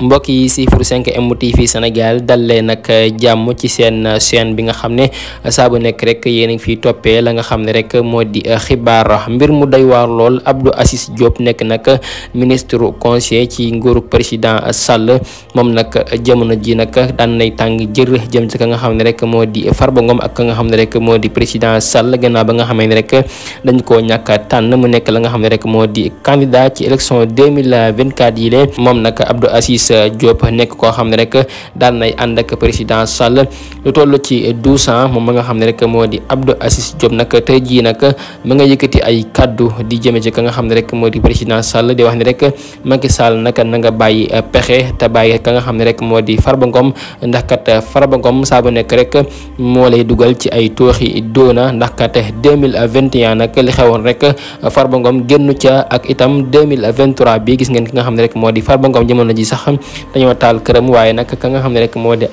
mbokk yi siifur 5M TV Sénégal dal leen nag jàmm ci seen chaîne bi nga xam ne saa bu nekk rek yéen a ngi fiy toppee la nga xam ne rek moo di xibaar ax mbir mu doy waar lool Abdou Aziz Diop nekk nag ministre conseiller ci nguuru président Sall moom nag jamono ji nag daan nay tàng jër jëm ci ka nga xam ne rek moo di far ba Ngom ak ka nga xam ne rek moo di président Sall gannaaw ba nga xamee ne rek dañ koo ñàkk a tànn mu nekk la nga xam ne rek moo di candidat ci élection 2024 yi lee moom nag Abdou Idrissa eh, nekk koo xam ne rek daal nay ànd ak président Sall lu toll ci moom ma nga xam ne rek moo di Abdou Aziz Diop nag tey jii nag ma nga yëkkati ay kaddu di jëme ci ka nga xam ne rek moo di président Sall di wax ne rek Macky Sall na nga bàyyi eh, pexe te bàyyi ne rek moo di Farba Ngom ndax kat eh, Farba Ngom nekk rek moo lay dugal ci ay tooxi doona ndax kat 2021 nag li xewoon rek Farba Ngom génnu ca ak itam 2023 bi gis ngeen ki nga xam ne rek moo di Farba jamono ji sax dañoo taal këram waaye nag ka nga xam ne rek moo di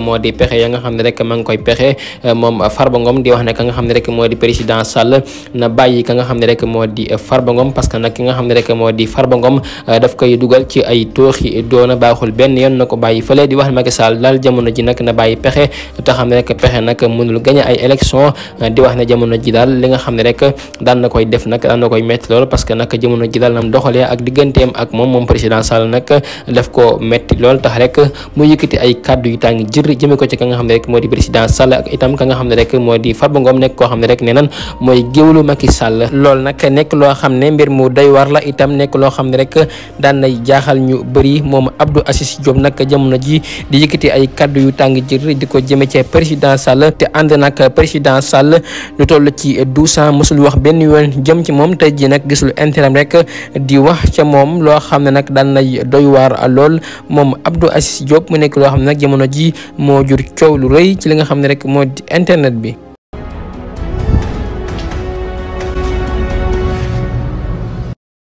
moo di pexe ya nga xam ne rek ma ngi koy pexe moom Farba Ngom di wax ne ka nga xam ne rek moo di président Sall na bàyyi ka nga xam ne rek moo di Farba Ngom parce que nag ki nga xam ne rek moo di Farba euh, koy dugal ci ay tooxi doona baaxul benn yoon na ko bàyyi fële di wax ne Macky Sall daal jamono ji nag na bàyyi pexe xam ne rek pexe nag mënul gañ ay élection euh, di wax ne jamono ji daal li nga xam ne rek daan na koy def nag daan na koy metti lool parce que nag jamono ji daal nam doxalee ak diggante digganteem ak moom moom président Sall ay kàddu yu tàng jër jëme ko ci ka nga xam moo di président Sall ak itam ka nga xam ne rek moo di Farba Ngom nekk koo xam ne nekk loo xam ne mbir mu doy war la itam nekk loo xam ne rek daan nay jaaxal ñu bëri moom Abdou Assis Diop nag jamono ji di yëkkati ay kàddu yu tàng jër di ko jëme ci président Sall te ànd nag président Sall lu toll ci douze ans mësul wax benn yoon jëm ci moom tey ji nag gisul intérêt rek di wax ca moom moom loo xam ne nag daan nay doy waar lool moom Abdou Aziz Diop mu nekk loo xam ne nag jamono ji moo jur coow lu rëy ci li nga xam ne rek moo internet bi